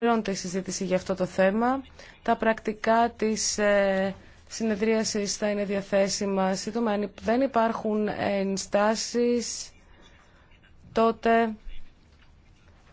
Ολοκληρώνεται η συζήτηση για αυτό το θέμα. Τα πρακτικά της ε, συνεδρίασης θα είναι διαθέσιμα σύντομα. Αν δεν υπάρχουν ενστάσεις, τότε...